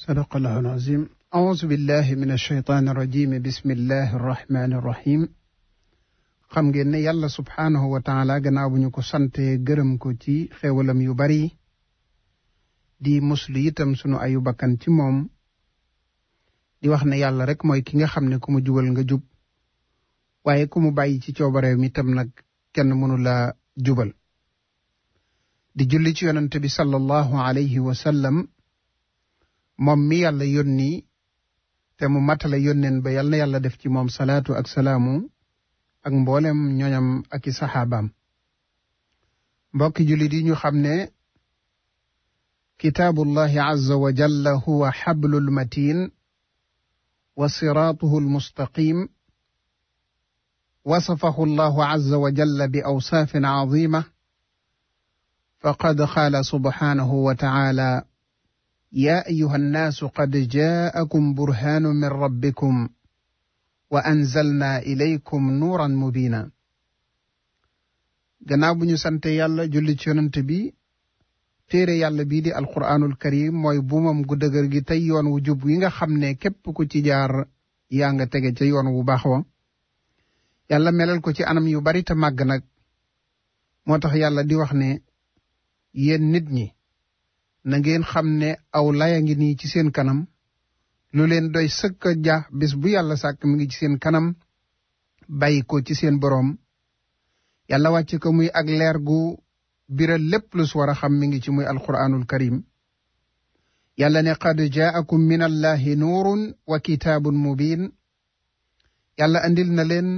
صدق الله العظيم أعوذ بالله من الشيطان الرجيم بسم الله الرحمن xam ngeen ne yàlla subhaanahu wa taala gannaaw bu ñu ko sante gërëm ko ci xéewalam yu bari di muslu itam sunu ayu bakkan ci moom di wax ne yàlla rek mooy ki nga xam ne ku mu jubal nga jub waaye ku mu bàyyi ci coobareem itam nag kenn mënu la jubal di julli ci yonante bi sallallahu alayhi wa moom mi yàlla yónni te mu matale yónneen ba na yàlla def ci moom salaatu ak salaamu ak mboolem ñoñam ak i saxaabaam mbokki jullit yi ñu xam ne kitaabullahi azza wa jalla huwa xablul matin wa almustaqim wasafahu allahu azza wa jalla bi azima faqad qaala subhaanahu wa يا أيها الناس قد جاءكم برهان من ربكم وأنزلنا إليكم نورا مبينا gannaaw bu ñu sante yàlla julli ci yonent bi téere yàlla bii di alquraanul karim mooy buumam gu dëgër gi tey yoon wu jub wi nga xam ne képp ku ci jaar yaa nga tege ca yoon wu baax wa yàlla melal ko ci anam yu bari màgg nag moo tax yàlla di wax ne yéen nit ñi na ngeen xam ne aw laya ngi nii ci seen kanam lu leen doy sëkk ja bis bu yàlla sàkk mi ngi ci seen kanam bàyyi ko ci seen boroom yàlla wàcc ko muy ak leer gu biral lépp lu su a xam mi ngi ci muy alquraanul karim yàlla ne qad jaakum min allahi nuurun wa kitaabun mubin yàlla andil na leen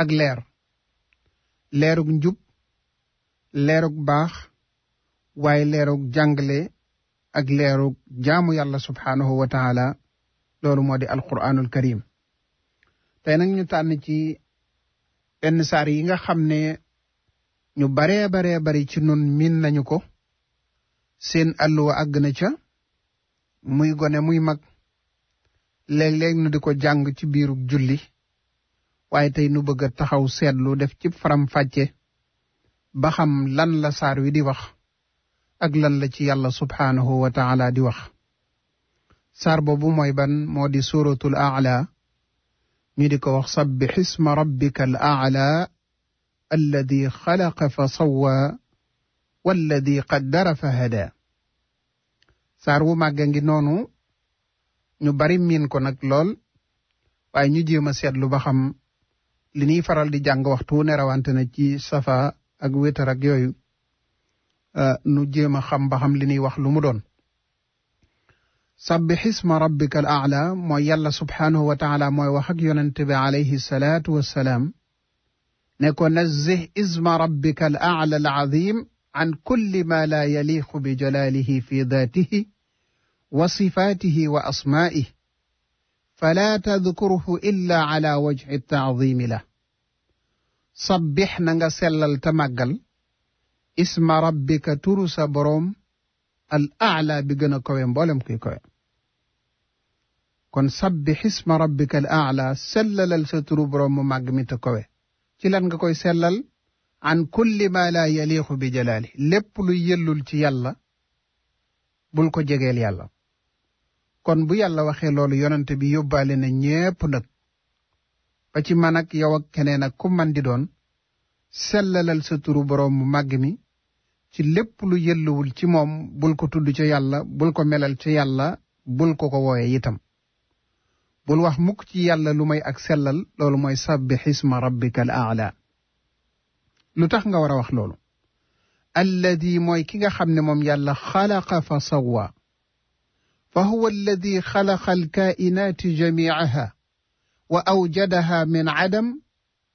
ak leer leerug njub leerug baax waaye leerug jàngale ak leerug jaamu yàlla subhaanahu wa loolu moo di alquranul karim tey nag ñu tànn ci benn saar yi nga xam ne ñu bare baree bari ci nun miin nañu ko seen àlluwa àgg na ca muy gone muy mag léeg-léeg nu di ko jàng ci biirug julli waaye tey nu bëgg a taxaw seetlu def ci faram fàcce ba xam lan la saar wi di wax ak lan la ci yàlla subhaanahu wa di wax saar boobu mooy ban moo di suuratul aala ñu di ko wax sabbix isma rabbika al aala alladi xalaqa fa sawwa walladi qaddara fa hada saar wu màgg ngi noonu ñu bari miin ko nag lool waaye ñu jéem a seetlu ba xam li ñuy faral di jàng waxtu ne rawante na ci safa ak wétar ak yooyu Euh, nu jéem a xam ba xam li ñuy wax lu mu doon sabbixisma rabbika al aala mooy yàlla subhaanahu wa taala mooy wax ak yonente bi alayhi salaatu wassalaam ne ko nazzih isma rabbika al aala al azim an kulli ma laa yaliqu bi jalaalihi fi daatihi wa sifaatihi wa asmaa'ihi falaa tadkurhu illa ala wajhi taadimi la sabbix na nga sellal te màggal isma sa boroom al bi gën a kawe mboolem kuy kawe kon sabbix isma rabbika al aala sellalal sa turu boroom mu màgg mi te kawe ci lan nga koy sellal an kulli ma laa yaliixu bi jalaali lépp lu yëllul ci yàlla bul ko jegeel yàlla kon bu yàlla waxee loolu yonent bi yóbbaale na ñépp nag ba ci man ak yow ak keneen ak ku man doon sellalal sa turu boroom mu màgg mi ci lépp lu yëlluwul ci moom bul ko tudd ci yàlla bul ko melal ci yàlla bul ko ko wooye itam bul wax muk ci yàlla lu may ak sellal loolu mooy sabbih isma rabbika al aala lu tax nga war a wax loolu alladi mooy ki nga xam ne moom yàlla xalaqa fa sawwa fa huwa alladi xalaqa alkaainaati jamiaha wa awjadaha min adam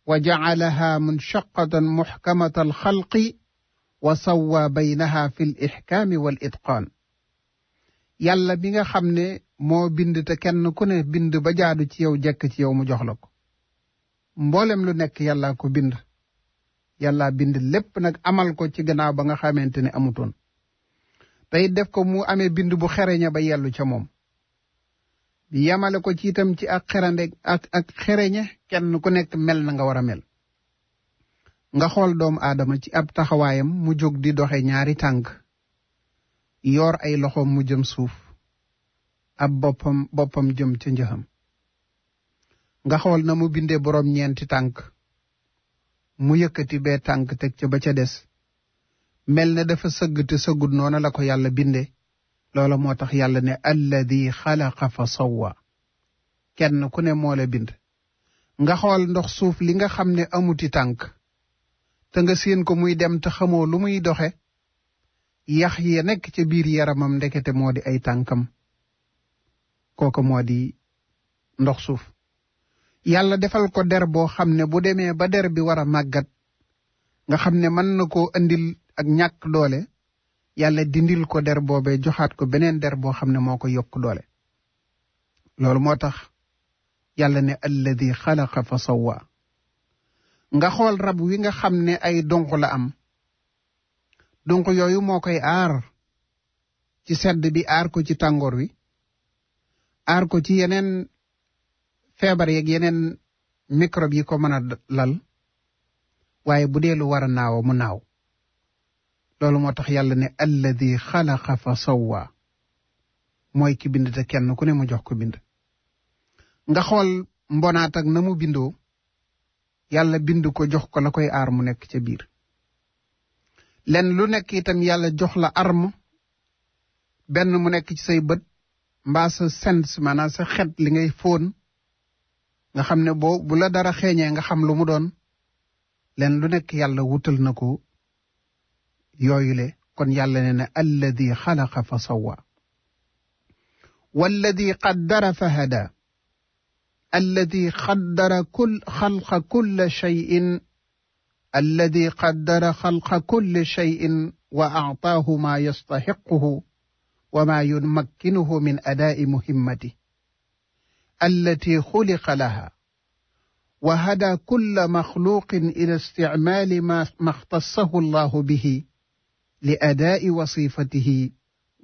wa jacalaha munshaqatan muxkamata wa saw baynaha bay l ixkaami wal itqaan yàlla bi nga xam ne moo bind te kenn ku ne bind ba jaadu ci yow jekk ci yow mu jox la ko mboolem lu nekk yàlla ko bind yàlla bind lépp nag amal ko ci gannaaw ba nga xamante ne amutoon tey def ko mu amee bind bu xereña ba yellu ca moom yamale ko ci itam ci ak xerande ak xereñe kenn ku nekk mel na nga war a mel nga xool doomu aadama ci ab taxawaayam mu jóg di doxe ñaari tànk yoor ay loxoom mu jëm suuf ab boppam boppam jëm ca njëxam nga xool na mu bindee boroom ñeenti tànk mu yëkkati bee tànk teg ca ba ca des mel ne dafa sëgg te sëggut noona la ko yàlla binde loola moo tax yàlla ne alladi xalaqa fa sawwa kenn ku ne moo la bind nga xool ndox suuf li nga xam ne amuti tànk te nga séen ko muy dem te xamoo lu muy doxe yax ya nekk ca biir yaramam ndekete moo di ay tànkam kooko moo di ndox suuf yàlla defal ko der boo xam ne bu demee ba der bi war a màggat nga xam ne mën na ko indil ak ñàkk doole yàlla dindil ko der boobee joxaat ko beneen der boo xam ne moo ko yokk doole loolu moo tax yàlla ne alladi xalaqa fa sawwa nga xool rab wi nga xam ne ay donq la am donq yooyu moo koy aar ci sedd bi aar ko ci tàngoor wi aar ko ci yeneen feebar yeeg yeneen microbe yi ko mën a lal waaye bu dee lu war a naaw mu naaw loolu moo tax yàlla ne alladi xalaqa fa sawwa mooy ki bind te kenn ku ne mu jox ko bind nga xool mbonaat ak na mu bindoo yàlla bind ko jox ko la koy aar mu nekk ca biir lenn lu nekk itam yàlla jox la arme benn mu nekk ci say bët mbaa sa sens maanaam sa xet li ngay foon nga xam ne boo la dara xeeñee nga xam lu mu doon len lu nekk yàlla wutal na ko yooyule kon yàlla ne na alladi xalaqa fa sawwa walladi qaddara fa hada alladi qaddara kul xalqa kulla shayin alladi qaddara xalqa kulli shayin wa actaahu maa yastaxiquhu wa maa yumakkinuhu min adaa'i muhimmati allati xuliqa laha wa hada kulla maxluuqin ila isticmaali maa maxtasahu allahu bihi li adaa'i wasifatihi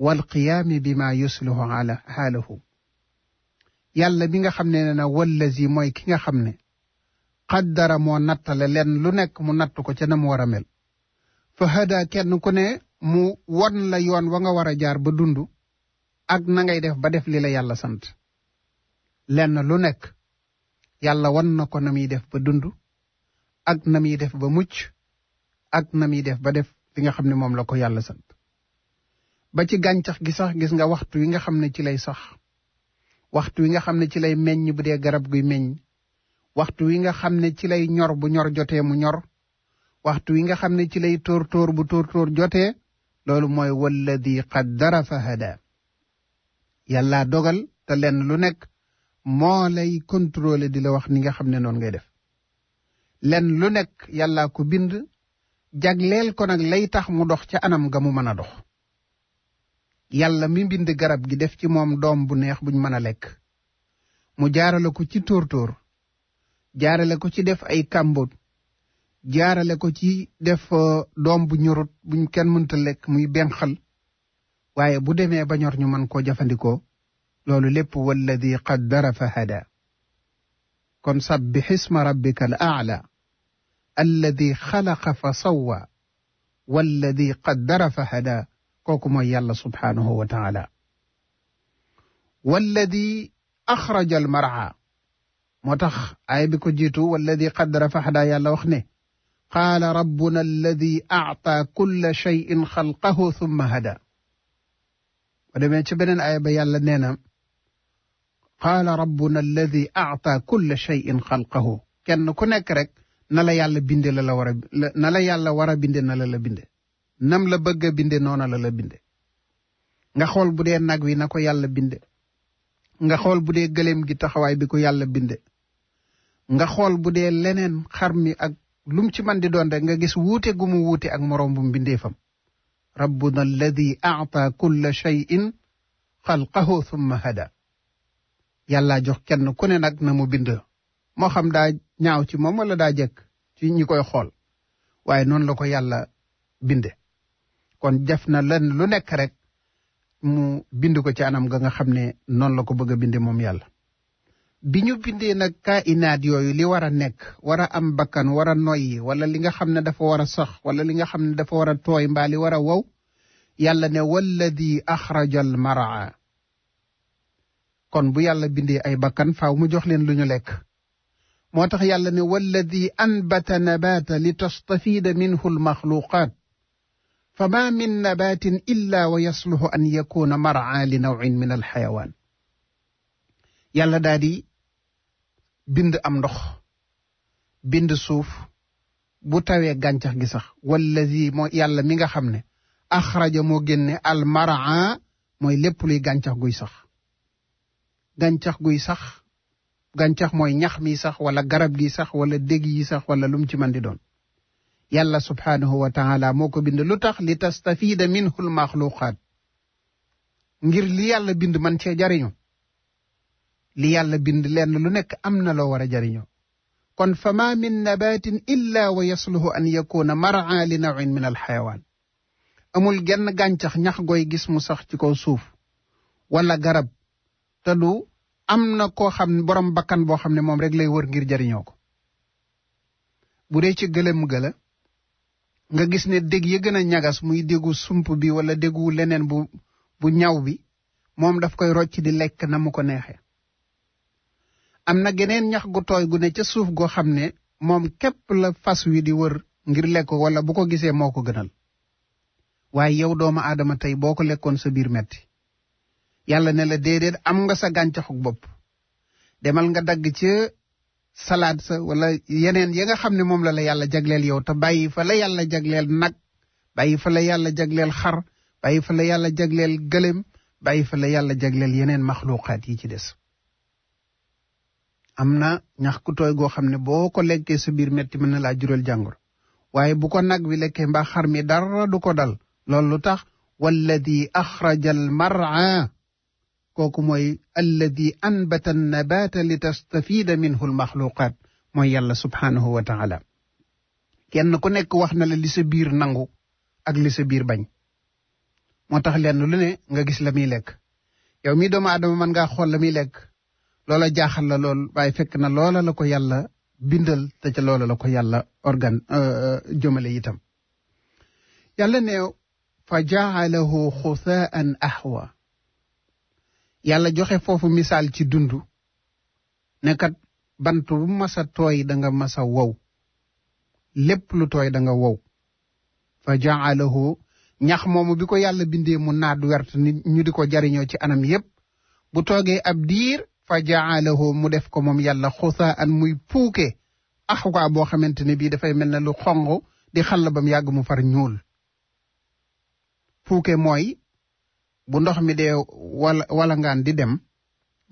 walqiyaami bimaa yuslihu ala xaalahu yàlla bi nga xam ne ne na wallazi mooy ki nga xam ne dara moo nattale leen lu nekk mu natt ko ca nam mu war a mel fa hada kenn ku ne mu won la yoon wa nga war a jaar ba dund ak na ngay def ba def li yàlla sant lenn lu nekk yàlla won na ko muy def ba dund ak na muy def ba mucc ak na muy def ba def li nga xam ne moom la ko yàlla sant ba ci gàncax gi sax gis nga waxtu wi nga xam ne ci lay sax waxtu wi nga xam ne ci lay meññ bu dee garab guy meññ waxtu wi nga xam ne ci lay ñor bu ñor jotee mu ñor waxtu wi nga xam ne ci lay tóor tóor bu tóor tóor jotee loolu mooy di qaddara fa hada yàlla dogal te lenn lu nekk moo lay controle di la wax ni nga xam ne noonu ngay def lenn lu nekk yàlla ko bind jagleel ko nag lay tax mu dox ca anam ga mu mën a dox yàlla mi mbind garab gi def ci moom doom bu neex buñ mën a lekk mu jaarale ko ci tóortóor jaarale ko ci def ay kàmboot jaarale ko ci def uh, doom bu ñorut buñ kenn mënta lekk muy benxal waaye bu demee ba ñor ñu mën koo jëfandikoo loolu lépp walladi qaddara fa hada kon sabbih isma rabbika al aala alladi xalaqa fa sawwa walladi qaddara fa hada kooku mooy yàlla subhaanahu wa taala walladi axraja al maraa moo tax aaya bi ko jiitu walladi qaddara faxdaa yàlla wax ne qaala rabbuna alladi actaa kulla cheyin xalqahu thumma hada ba demee ci beneen aaya ba yàlla nee na qaala rabbuna alladi actaa kulla cheyin ku nekk rek na la yàlla binde la la war a na yàlla war a binde na la la binde nam la bëgg a binde noona la la binde nga xool bu dee nag wi na ko yàlla binde nga xool bu dee gëléem gi taxawaay bi ko yàlla binde nga xool bu dee leneen xar mi ak lum ci man di doon rek nga gis wuute gu mu wuute ak moroom bu mbindeefam rabbuna alladi aata kulla cheyin xalqahu thumma hada yàlla jox kenn ku ne nag na mu bind moo xam daa ñaaw ci moom wala daa jekk ci ñu koy xool waaye noonu la ko yàlla binde kon def na lenn lu nekk rek mu bind ko ci anam ga nga xam ne noonu la ko bëgg a binde moom yàlla bi ñu bindee nag kaa inaat yooyu li war a nekk war a am bakkan war a noyyi wala li nga xam ne dafa war a sax wala li nga xam ne dafa war a tooy mbaa li war a wow yàlla ne walladi axraja al maraa kon bu yàlla bindee ay bakkan faaw mu jox leen lu ñu lekk moo tax yàlla ne walladi anbata nabaata li tastafiida minhu almaxluqaat min فما من نبات إلا ويصلح أن يكون مرعى لنوع من الحيوان yàlla daal di bind am ndox bind suuf bu tawee gàncax gi sax wallazi yàlla mi nga xam ne axraja moo génne al maraa mooy lépp luy gàncax guy sax gàncax guy sax gàncax mooy ñax mi sax wala garab gi sax wala dég yi sax wala lum ci man di doon yàlla subhaanahu wa taala moo ko bind lu tax li tastafiida minhu l maxluqaat ngir li yàlla bind man cee jariñu li yàlla bind lenn lu nekk am na loo war a jariñoo kon fa ma min nabatin illa wa yasluhu an yakuna maraa li nawin min al amul genn gàncax ñax goy gis mu sax ci kaw suuf walla garab te du am na koo xam ne borom bakkan boo xam ne moom rek lay wër ngir jariñoo ko bu dee ci gëlëm gëla nga gis ne dégg ya gën a ñagas muy dégu sump bi wala dégu leneen bu ñaw bi moom daf koy rocc di lekk na mu ko neexe am na geneen ñax gu tooy gu ne ca suuf goo xam ne moom képp la fas wi di wër ngir lekk wala bu ko gisee moo ko gënal waaye yow doomu aadama tey boo ko lekkoon sa biir metti yàlla ne la déedéet am nga sa gàncaxu bopp demal nga dagg ca salaat sa wala yeneen ya nga xam ne moom la la yàlla jagleel yow te bàyyi fa la yàlla jagleel nag bàyyi fa la yàlla jagleel xar bàyyi fa la yàlla jagleel gëléem bàyyi fa la yàlla jagleel yeneen maxluuqaat yi ci des am na ñax goo xam ne boo ko lekkee sa biir metti mën na laa jural jàngoro waaye bu ko nag wi lekkee mbaa xar mi dara du ko dal loolu lu tax walladi di al mar'a kooku mooy alladi anbata nabaata li tastafiida minhu almaxluqaat mooy yàlla subhaanahu wa taala kenn ku nekk wax na la li sa biir nangu ak li sa biir bañ moo tax lenn lu ne nga gis la muy lekk yow mii doomu aadama mën ngaa xool la muy lekk loola jaaxal la lool waaye fekk na loola la ko yàlla bindal te ca loola la ko yàlla organ euh, euh, jëmale itam yàlla ne fa jaalahu xusaan ahwa yàlla joxe foofu misaal ci dund ne kat bant bu masa tooy danga masa wow lépp lu tooy danga wow fa jaalahu ñax moomu bi ko yàlla bindee mu naat wert nit ñu di ko jariñoo ci anam yépp bu toogee ab diir fa jaalahu mu def ko moom yàlla xusaa an muy puuke axukaa boo xamante ne bii dafay mel ne lu xonq di xàll bam yàgg mu far ñuul puuke mooy bu ndox mi dee wala walangaan di dem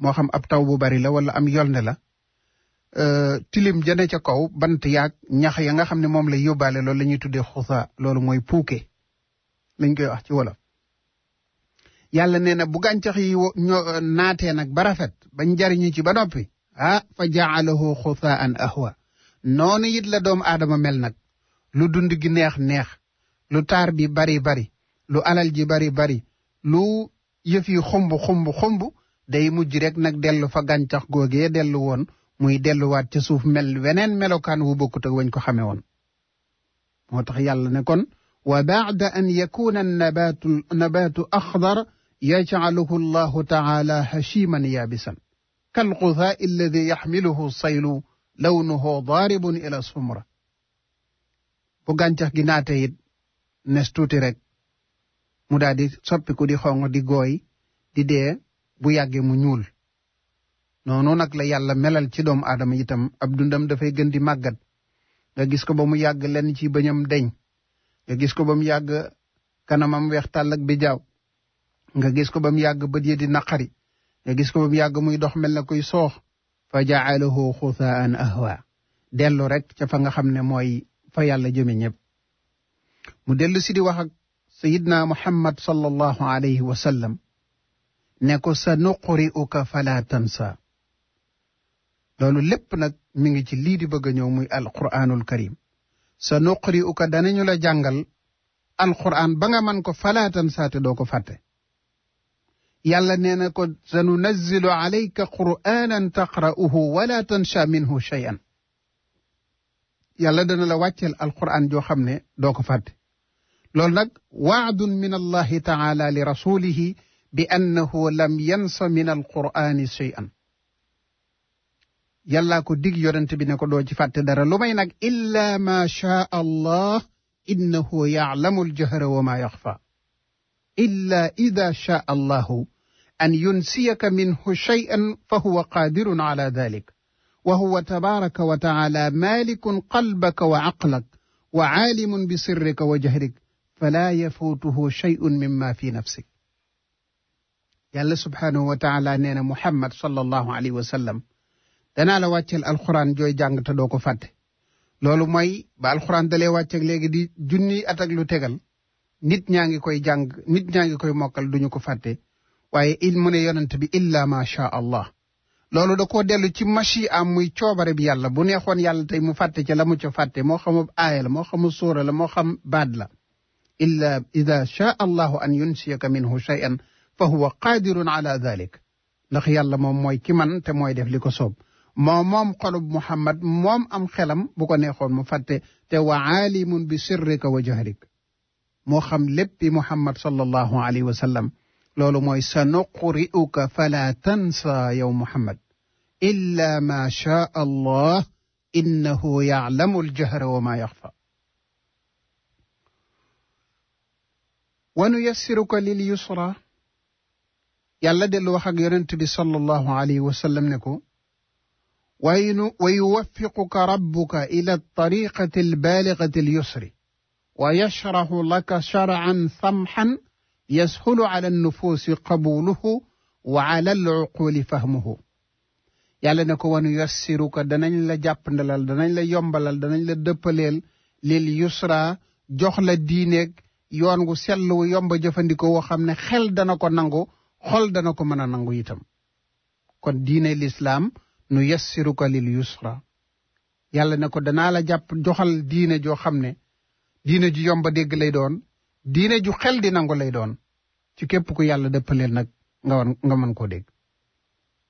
moo xam ab taw bu bari la wala am yolne la euh, tilim jane ca kaw bant yaag ñax ya nga xam ne moom lay yóbbaale loolu la ñuy tuddee xusa loolu mooy puuke lañ koy wax ci wolof yàlla nee na bu gàncax yi ño nag ba rafet bañ jariñu ci ba noppi ah fa jaalahu xusaan ahwa noonu it la doomu aadama mel nag lu dund gi neex neex lu taar bi bari bari lu alal ji bari bari lu yëf yi xumb xumb xumb day mujj rek nag dellu fa gàncax googee dellu woon muy delluwaat ca suuf mel weneen melokaan wu bokkut ak wañ ko xamee woon moo tax yàlla ne kon wa baada an yakuna nabaatu nabaatu axdar yajcaluhu allahu taala hashiman yaabisan kalxuthaa'i alladi yaxmiluhu saylu lawnuhu daaribun ila sumra bu gàncax gi naate it tuuti rek mu daal di soppiku di xonq di gooy di dee bu yàggee mu ñuul noonu nag la yàlla melal ci doomu aadama itam ab dundam dafay gën di màggat nga gis ko ba mu yàgg lenn ci bëñam deñ nga gis ko ba mu yàgg kanamam weex tàll ak bi jaaw nga gis ko ba mu yàgg bët yi di naqari nga gis ko ba mu yàgg muy dox mel na kuy soox fa jaalahu xusaan ahwa dellu rek ca fa nga xam ne mooy fa yàlla jëme ñëpp mu dellu si di wax ak sayidna muhammad sallallahu alayhi wa ne ko sa nuqri'uka fala tansa loolu lépp nag mi ngi ci lii di bëgg a ñëw muy alquraanul karim sa nuqri'uka danañu la jàngal alquraan ba man ko fala tansa te doo ko fàtte yàlla ne na ko sa nunazzilu alayka quraanan taqra'uhu wala tansha minhu shay'an yàlla dana la wàcceel alquraan joo xam ne doo ko fàtte loolu nag waadun min allahi taala li rasulihi bi annahu lam yansa min alqurani shay'an yàllaa ko dig yonent bi ne ko doo ci fàtte dara lu may nag illa ma shaa allah innahu yaalamu aljahra wa ma yaxfa illa ida shaa allahu an yunsiyaka minhu shay'an fa huwa qaadirun ala dalik wa huwa tabaraka wa taala malikun qalbaka wa aqlak wa aalimun bi sirrika wa jahrik fala yafuutuhu shay'un mimma fi nafsik yàlla subhaanahu wa taala nee na muhammad sallallahu alayhi wa sallam danaa la wàcceel alxuraan jooy jàng te doo ko fàtte loolu mooy ba alxuraan dalee wàcceeg léegi di junni at lu tegal nit ñaa ngi koy jàng nit ñaa ngi koy mokkal duñu ko fàtte waaye il mu ne yonent bi illa ma sha allah loolu da koo dellu ci machi am muy coobare bi yàlla bu neexoon yàlla tey mu fàtte ca la mu ca fàtte moo xam aaya la moo xamub suura la moo xam baat la illa ida shaa allahu an yunsiyaka minhu shay'an fa huwa qaadirun ala dalik ndax yàlla moom mooy ki man te mooy def li ko soob moom moom xolub muhammad moom am xelam bu ko neexoon mu fàtte te wa aalimun bi sirrika wa jahrik moo xam léppi muhammad sallallahu alayhi wa sallam loolu mooy sa nuqri'uka fala tansa yow muhammad illa ma shaa allah innahu yaalamu aljahra wa ma yaxfa wanu yassiruka lil yusra yàlla dellu wax ak yonent bi sallallahu alayhi wa sallam ne ko waynu wa yuwaffiquka rabbuka ila tariqati albaligati alyusri wa yashrahu laka shar'an samhan yashulu ala annufuusi qabuluhu wa ala aluquli fahmuhu yàlla ne ko wanu yassiruka danañ la jàppandalal danañ la yombalal danañ la dëppaleel lil yusra jox la diineeg yoon wu sell wu yomba jëfandikoo woo xam ne xel dana ko nangu xool dana ko mën a nangu itam kon diine lislaam nu yassiruka lil yusra yàlla ne ko danaa la jàpp joxal diine joo xam ne diine ju yomba dégg lay doon diine ju xel di nangu lay doon ci képp ku yàlla dëppaleel nag nga wan mën koo dégg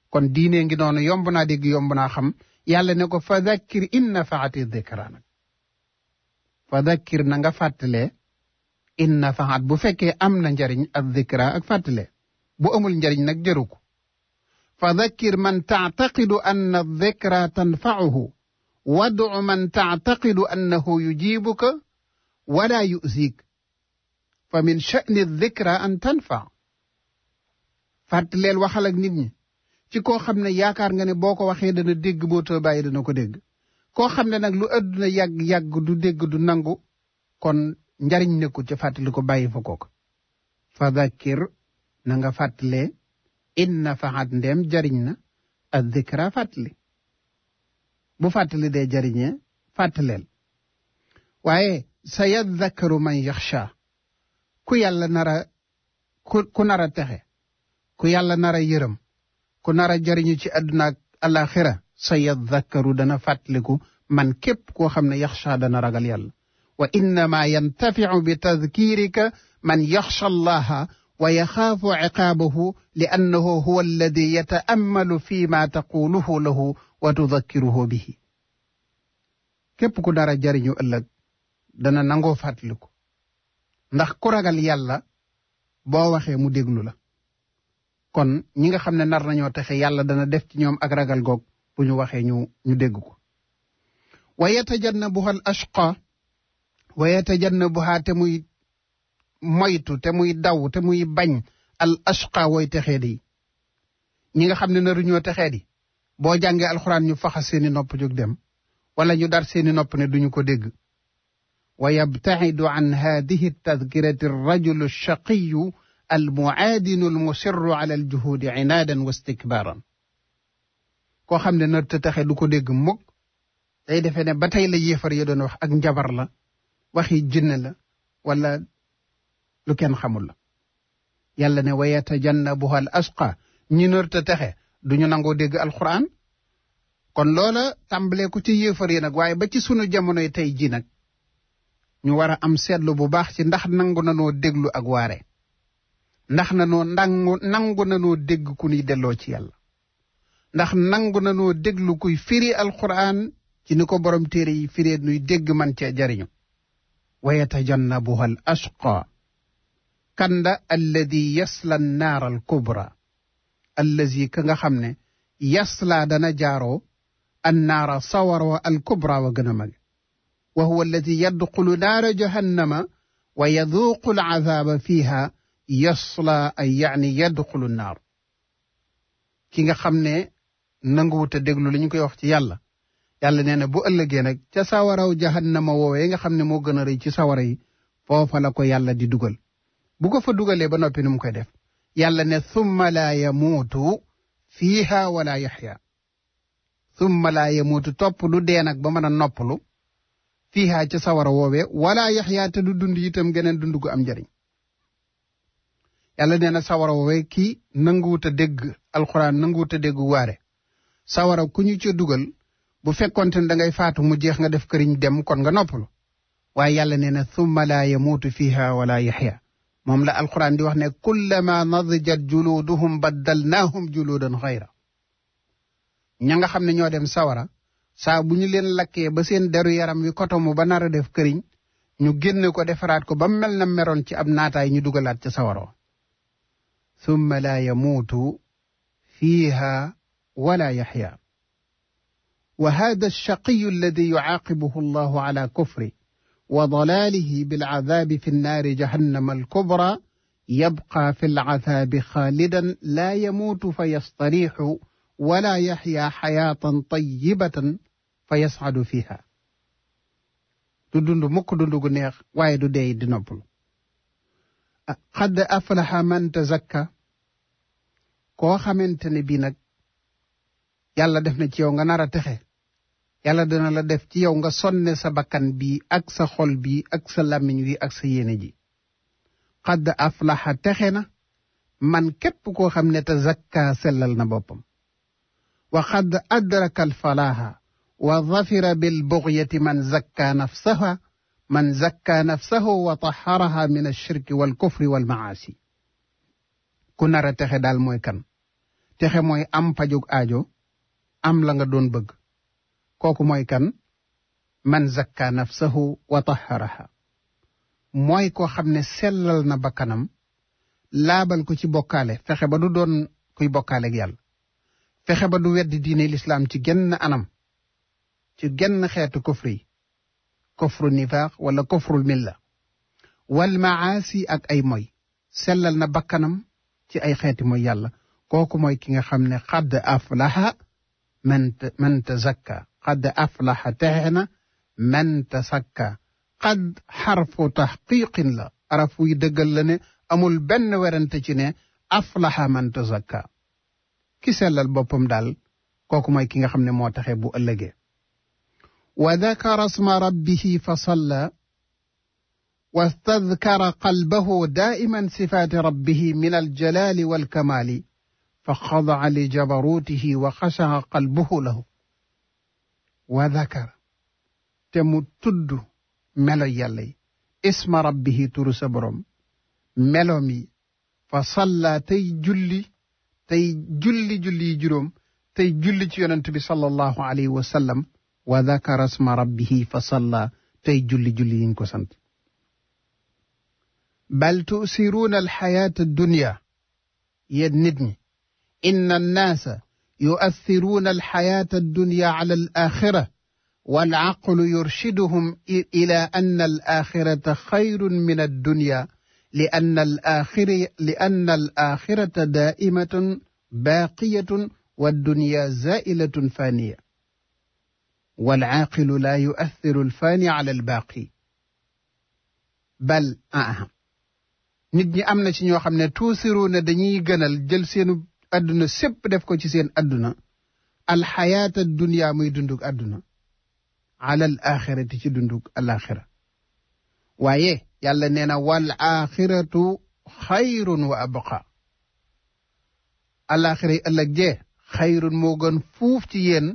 kon diine ngi noonu yomb naa dégg yomb naa xam yàlla ne ko fa dakkir in nafaati dikra fa dakkir na nga fàttalee inna faxaat bu fekkee am na njariñ ak dikra ak fàttale bu amul njariñ nag jëru ko fa dakkir man taataqidu anna dikra tanfacuhu wadu man taataqidu annahu yujibuka wala yusiik fa min chani dikra an tanfa fàttaleel waxal ak nit ñi ci koo xam ne yaakaar nga ne boo ko waxee dana dégg boo too bàyyi dana ko dégg koo xam ne nag lu àdduna yàgg-yàgg du dégg du nangu kon njariñ nekkul ca fàttali bàyyi fa kooka fa dakkir na nga fàttalee inna faxat ndeem jariñ na ad dikra fàttali bu fàttali dee jariñee fàttaleel waaye sa yadakkaru man yaxsha ku yàlla nara ku nara texe ku yàlla nara yërëm ku nara jariñu ci àdduna ak alaxira sa yadakkaru dana fàttaliku man képp koo xam ne yaxsha dana ragal yàlla wa innama yantafiu bi tadkirika man yaxsha allaha wa yaxaafu ciqaabahu li annahu huwa alladi yataammalu fi ma taquluhu lahu wa tudakkiruhu bihi képp ku dara jariñu ëllëg dana nangoo ko ndax ku ragal yàlla boo waxee mu déglu la kon ñi nga xam ne nar nañoo texe yàlla dana def ci ñoom ak ragal goog bu ñu waxee ñu ñu dégg ko wa ashqa waaye te janna bu xaa te muy moytu te muy daw te muy bañ al ashqa wooy texee di ñi nga xam ne naruñoo texee di boo jàngee alxuraan ñu faxa seeni nopp jóg dem wala ñu dar seeni nopp ne duñu ko dégg wa yabtaxidu an haadihi tadkirati rajulu shaqiyu almuaadinu almusirru ala aljuhuudi inaadan wa istikbaaran koo xam ne nar du ko dégg mukk day defee ne ba tey la doon wax ak njabar la waxi jinne la wala lu kenn xamul la yàlla ne wa yatajannabuha al asqa ñi nërta texe duñu nangoo dégg alxuraan kon loola tàmbalee ko ci yéefar nag waaye ba ci sunu jamonoy tey ji nag ñu war a am seetlu bu baax ci ndax nangu nanoo déglu ak waare ndax nanoo nangu nangu nanoo dégg ku ñuy delloo ci yàlla ndax nangu nanoo déglu kuy firi alxuraan ci ni ko borom téere yi firee nuy dégg man cee jariñu ويتجنبها الأشقى كند الذي يصلى النار الكبرى الذي كنغا خمني يصلى دنا جارو النار صور الكبرى وغنمج وهو الذي يدخل نار جهنم ويذوق العذاب فيها يصلى أي يعني يدخل النار كيغا خمني نانغوتا دغلو لي نكوي وخت يالا yàlla nee na bu ëllëgee nag ca sawaraw jahannama woowee nga xam ne moo gën a rëy ci sawara yi foofa la ko yàlla di dugal bu ko fa dugalee ba noppi nu koy def yàlla ne summa laa yamuutu fiiha wala yaxya summa laa yamuutu topp lu dee nag ba mën a noppalu fiiha sawara woowee wala yaxya te du dund itam geneen dund am njariñ yàlla nee sawara woowee kii nanguwut a dégg alxuraan nanguwut a dégg waare sawara ku ñu ca dugal bu fekkonte ne dangay faatu mu jeex nga def këriñ dem kon nga noppalu waaye yàlla nee na thumma laa yamuutu fiha wala yaxya moom la alquran di wax ne kullama nadijat juluuduhum baddalnaahum juluudan xayra ña nga xam ne ñoo dem sawara saa bu ñu leen lakkee ba seen deru yaram wi kotomu ba nar a def këriñ ñu génn ko defaraat ko ba mel na meroon ci ab naataay ñu dugalaat ca sawaroo summa laa yamuutu fiiha wala yaxya وهذا الشقي الذي يعاقبه الله على كفره وضلاله بالعذاب في النار جهنم الكبرى يبقى في العذاب خالدا لا يموت فيستريح ولا يحيا حياة طيبة فيسعد فيها du dund mukk dund gu neex waaye du dee di noppalu xadd aflaha man tazakka koo xamante ne bii nag yàlla def na ci yow nga nar a texe yàlla dana la def ci yow nga sonne sa bakkan bi ak sa xol bi ak sa làmmiñ wi ak sa yéene ji xadd aflaxa texe na man képp koo xam ne te zakka sellal na boppam wa xadd adraka alfalaha wa zafira bil bugyati man zakka nafsaha man zakka nafsahu wa taxaraha min alshirki wal kufri wal maasi ku nar texe daal mooy kan texe mooy am pajug aajo am la nga doon bëgg kooku mooy kan man zakka nafsahu wa taharaha mooy koo xam ne sellal na bakkanam laabal ko ci bokkaale fexe ba du doon kuy bokkaale yàlla fexe ba du weddi diine lislaam ci genn anam ci genn xeetu kufri yi kufru nifaaq wala kufrul milla wal maasi ak ay moy sellal na bakkanam ci ay xeeti mooy yàlla kooku mooy ki nga xam ne xadd aflaha man man tazakka qad aflaxa texe na man tasakka qad xarfu taxqiqin la araf wuy dëggal la ne amul benn werante ci ne aflaxa man tasakka ki sellal boppam daal kooku mooy ki nga xam ne moo taxe bu ëllëgee wa dakara sma rabbihi fa salla wastadkara qalbahu daa'iman sifaati rabbihi min aljalaali walkamaali fa xadaca li jabaruutihi wa xashaca qalbuhu lahu wa dakar te mu tudd melo yàlla yi isma rabbihi turu sa borom meloom yi fa salla tey julli tey julli julli yi juróom tey julli ci yonent bi sallallahu alayhi wa sallam wa dakara isma rabbihi fa salla tey julli julli yiñ ko sant bal tusiruuna alxayaata dunya yéen nit ñi inna annaasa yu'athiruuna alxayaata addunya ala al axira wal aqlu yurshiduhum ila anna al axirata xayrun min addunya li anna al axira li anna al axirata daa'imatun baaqiyatun والدنيا زائلة فانية والعاقل لا يؤثر الفاني على الباقي بل أهم nit ñi am na ci ñoo xam ne tuusiruuna dañuy gënal jël seenu àdduna sépp def ko ci seen adduna alxayaata dunya muy dundug àdduna alal axirati ci dundug alaxira waaye yàlla nee na wal axiratu xayrun wa abqa alaxira yi ëllëg jee xayrun moo gën fuuf ci yéen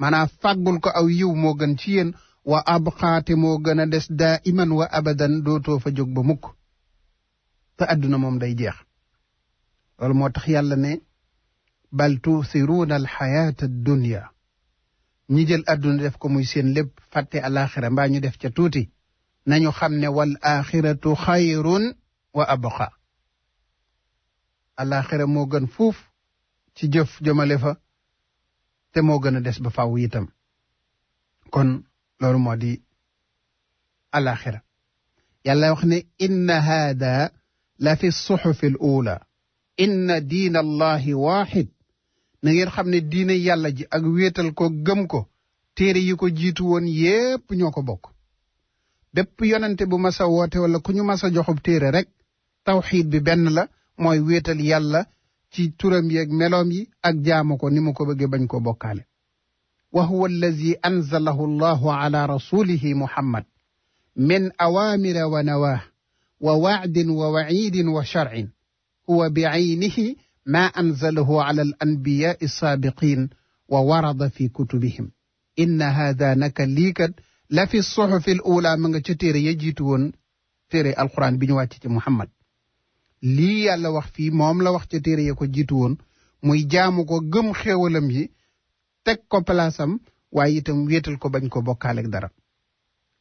maanaa fàggul ko aw yiw moo gën ci yéen wa abqaate moo gën a des daa iman wa abadan dootoo fa jóg ba mukk te àdduna moom day jeex loolu moo tax yàlla ne bal tuuthiruuna alxayaata dunya ñi jël àdduna def ko muy séen lépp fàtte alaxira mbaa ñu def ca tuuti nañu xam ne wal axiratu xayrun wa abqa alaxira moo gën fuuf ci jëf jëmale fa te moo gën a des ba faw itam kon loolu moo di alaxira yàlla wax ne inna haada la fi suxufi al ula inna diina allahi na ngeen xam ne diine yàlla ji ak wéetal ko gëm ko téere yi ko jiitu woon yépp ñoo ko bokk bépp yonente bu mas woote wala ku ñu masa a joxub téere rek tawxiid bi benn la mooy wéetal yàlla ci turam yeeg meloom yi ak jaamu ko ni mu ko bëggee bañ ko bokkaale wa huwa allazi anzalahu allahu ala rasulihi muhammad min awamira wa nawaah wa waadin wa waciidin wa sharcin huwa biaynihi maa anzalahu ala al anbiyaai saabiqin wa warada fi kutubihim inna haada naka lii kat la fi suxufi l ma nga ca téere ya jiitu woon téere alquran bi ñu wàcc ci muhammad li yàlla wax fii moom la wax ca téere ya ko jiitu woon muy jaamu ko gëm xéewalam yi teg ko palaasam waaye itam wéetal ko bañ ko bokkaaleeg dara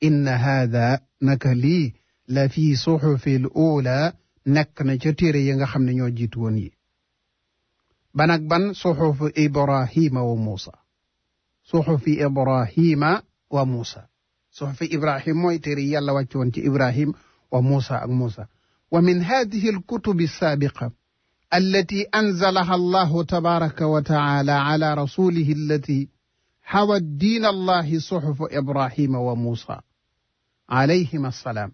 inna haada naka lii la fi suxufi l uulaa nekk na ca téere ya nga xam ne ñoo jiitu woon yi ban ak ban suxufu ibrahima wa muusa suxufi ibrahima wa muusa suxufi ibrahim mooy téere yi yàlla wàcc woon ci ibrahim wa muusa ak muusa wa min hadihi alkutubi alsaabiqa allati anzalaha allahu tabaraka wa taala ala rasulihi allati xawat diin allahi suxufu ibrahima wa muusa alayhima assalaam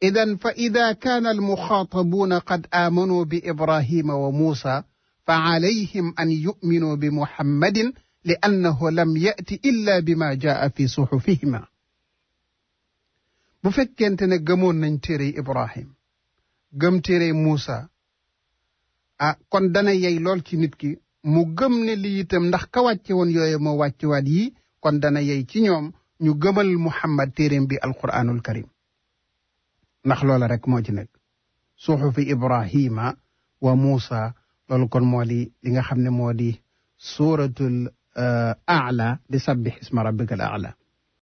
idan fa ida kaana almuxaatabuuna qad aamanuu bi ibrahima wa muusa fa alayhim an yuminuu bi muhammadin li annahu lam yati illa bi ma jaa fi suxufihima bu fekkente ne gëmoon nañ téerey ibrahim gëm téerey muusa ah, kon dana yey lool ci nit ki mu gëm ne lii itam ndax ka wàcce woon yooyu moo wàccewaat yi kon dana yey ci ñoom ñu gëmal muhammad téereem bi alquraanul karim ndax loola rek moo ci nekk suxufi ibrahima wa muusa loolu kon moo di li nga xam ne moo di suuratul aala euh, di sabbih isma rabbikal aala